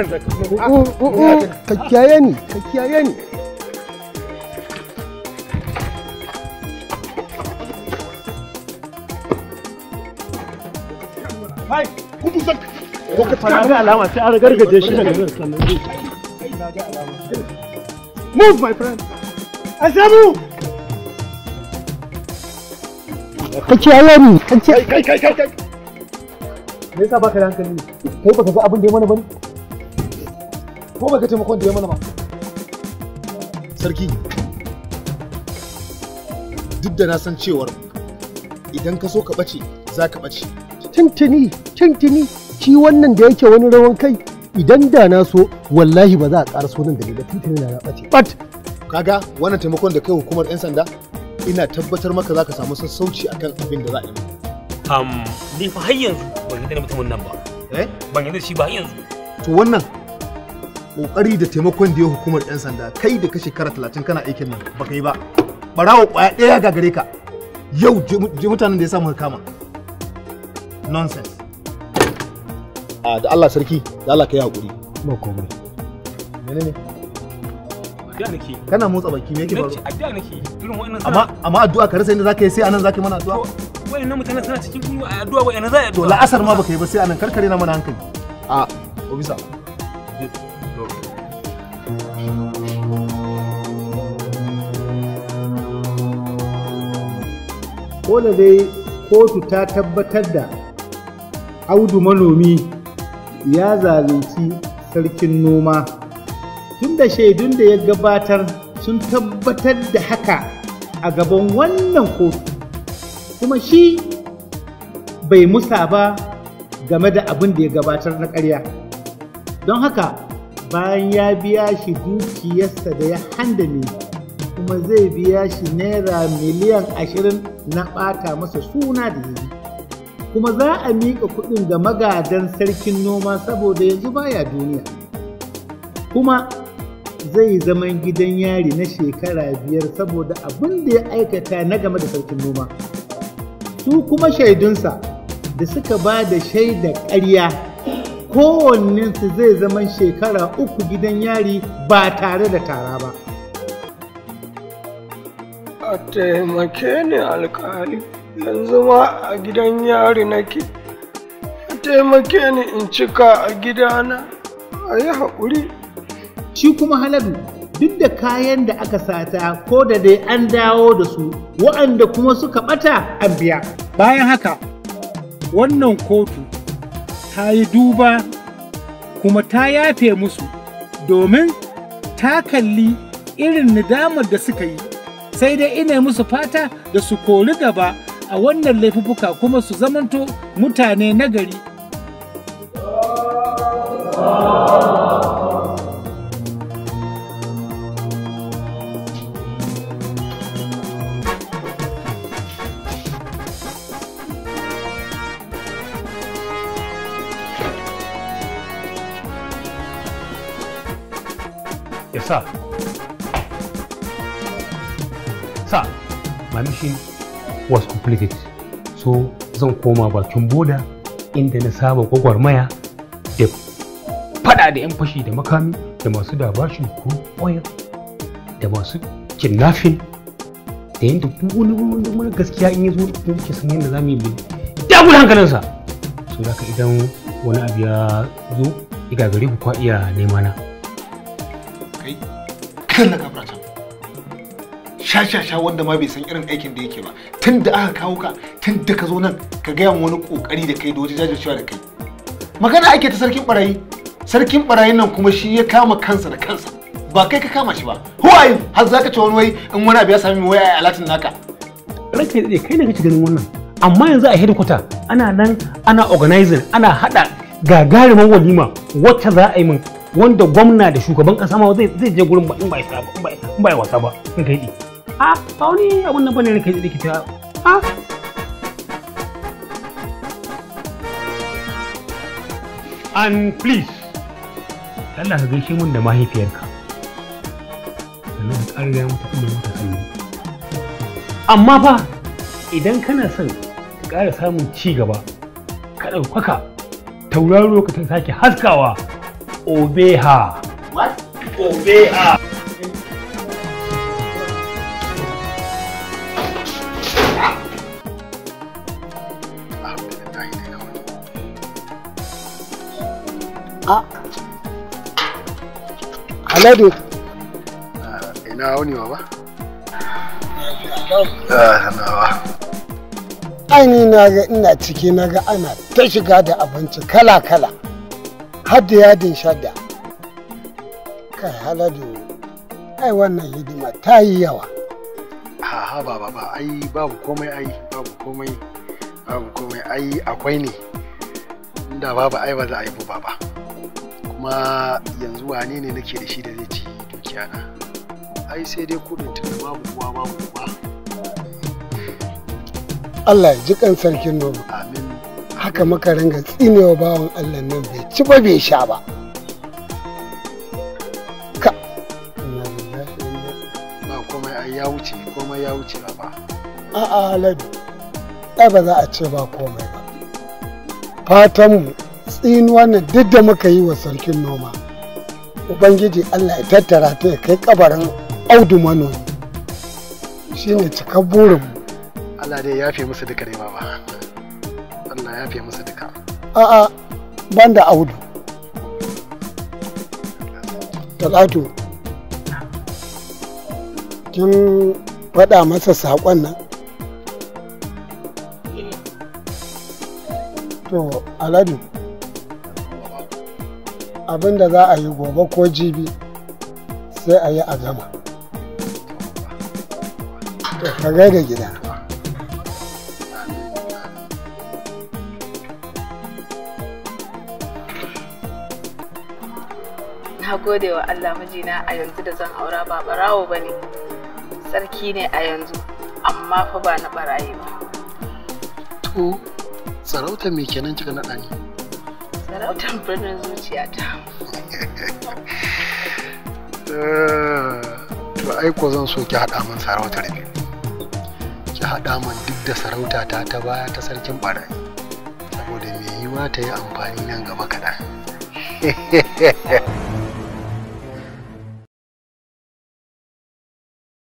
ka kiyaye ni ka kiyaye ni Hai, kudu ko ka ga alama sai an gargaje shi daga Move my friend. Asabu. Ka kiyaye ni, ka kiyaye. Kai kai kai kai. Me yasa baka da hankali? Kai baka ga abin da ya mana bane? ko ka taimakon da ya mana ba sarki duk da na san cewar idan ka so ka bace za ka bace tintini tintini shi wannan da yake wani rawan kai idan da na so wallahi ba za a ƙara so nan da daga tintini na bace bat kaga wannan taimakon da kai hukumar yan sanda ina tabbatar maka za ka samu sassauci akan abin da za a yi um ni fa har yanzu ban yi da mutumin nan ba eh ban yi da shi ba har yanzu to wannan kokari da taimakon da ya hukumar 'yan sanda kai da ka shekara talatin kana aikin nan ba kai ba barawo kwaya ɗaya ga gare ka yau ji mutanen da ya samu kama nonsense a ah, da Allah sarki da Allah ka yi haƙuri ba komai ne kana motsa baki me yake faru addu'a amma amma addu'a ka rasa inda zaka yi sai anan zaka yi mana addu'a wayannan mutanen suna cikin addu'a wayannan za a yi addu'a to la'asar ma baka yi ba sai anan karkare na mana hankali a ah, obisa ko dai kotu ta tabbatar da audu manomi ya zalunci sarkin noma tun da shaidun da ya gabatar sun tabbatar da haka a gaban wannan kotu kuma shi bai musa ba game da abin da ya gabatar na ƙarya don haka bayan ya biya shi dukiyarsa da ya handame kuma zai biya shi naira miliyan ashirin na ɓata masa suna da yi kuma za a miƙa kuɗin ga magadan sarkin noma saboda yanzu baya duniya kuma zai zaman gidan yari na shekara biyar saboda abin da ya aikata na game da sarkin noma su kuma shaidunsa da suka ba da shaida ƙarya kowannensu zai zama shekara uku gidan yari ba tare da tara ba. A taimake ni alkali yanzu ma a gidan yari nake, a taimake ni in cika a gidana a yi haƙuri. Shi kuma halabi duk da kayan da aka sata ko da dai an dawo da su wa'anda kuma suka ɓata an biya. Bayan haka, wannan kotu ta yi duba kuma ta yafe musu domin ta kalli irin nadamar da suka yi sai dai ina musu fata da su kori gaba a wannan laifuka kuma su zamanto mutane nagari. sa sa my mission was completed so zan koma bakin boda inda na saba gwagwarmaya da fada da 'yan fashi da makami da masu dabashin ko oil da masu kidnapping da yadda wani wani gaskiya in yi zo da ke san yadda za yi dagul hankalinsa so da idan wani abu ya zo ya gagare ku kwa iya nema na shan na sha sha sha wanda ma bai san irin aikin da yake ba tun aka kawo ka tun ka zo nan ka gaya wani kokari da kai da wata jajircewa da kai magana ake ta sarkin barayi sarkin barayin nan kuma shi ya kama kansa da kansa ba kai ka kama shi ba huwayin har za ka ci wani wai in wani abu ya sami wai a latin naka Rake ya kai ne ci ganin wannan amma yanzu a headquarter ana nan ana organizing ana hada gagarumin walima wacce za a yi min wanda gwamna da shugaban kasa ma zai zai je gurin ba in ba ya ba in ba ya wasa ba in kai a ba wani abun nan bane kai dake ta a and please Allah ka gaishe mun da mahaifiyarka sannan ka ƙara gaya mata kuma mata sannan amma fa idan kana son ka ƙara samun ci gaba ka ɗaukaka tauraro ka ta sake haskawa obey her. What? Obey her. Ah. Ah, ina wani baba? Ah, Nawa. Ai ni ga ina ciki na ga ana ta shiga da abinci kala-kala. Hadda yadin shadda kai haladu ai wannan hidima ta yi yawa ha ba ba ba ai babu komai ai babu komai babu komai ai akwai ne da babu ai ba za a yi ba ba kuma yanzu wane ne nake da shi da zai ci dukiya na ai sai dai kudin tun babu kuwa babu kuwa. Allah ji kan sarkin noma haka muka ringa tsinewa bawan Allah nan bai ci ba bai sha ba ka ba komai ai ya wuce komai ya wuce ba a a ladi, ai ba za a ce ba komai ba fatanmu tsinuwa nan duk da muka yi wa sarkin noma ubangiji Allah ya tattara ta ya kai kabarin audu manomi shine cikar burin. Allah dai ya fi musu duka ne ba Allah ya fiye masa duka. A'a ban da audu. Talatu, kin faɗa masa saƙon nan? To, Aladu, abin da za a yi gobe ko jibi sai a yi a gama. Ka gaida gida. na gode wa Allah mijina a yanzu da zan aura ba barawo ba ne sarki ne a yanzu amma fa ba na baraye ba to sarauta me kenan kika naɗa ni sarautar birnin zuciyata eh, to ai ko zan so ki haɗa min sarautar ne ki haɗa min duk da sarauta ta ta baya ta sarkin baraye. saboda me yiwa ta yi amfani nan gaba kaɗan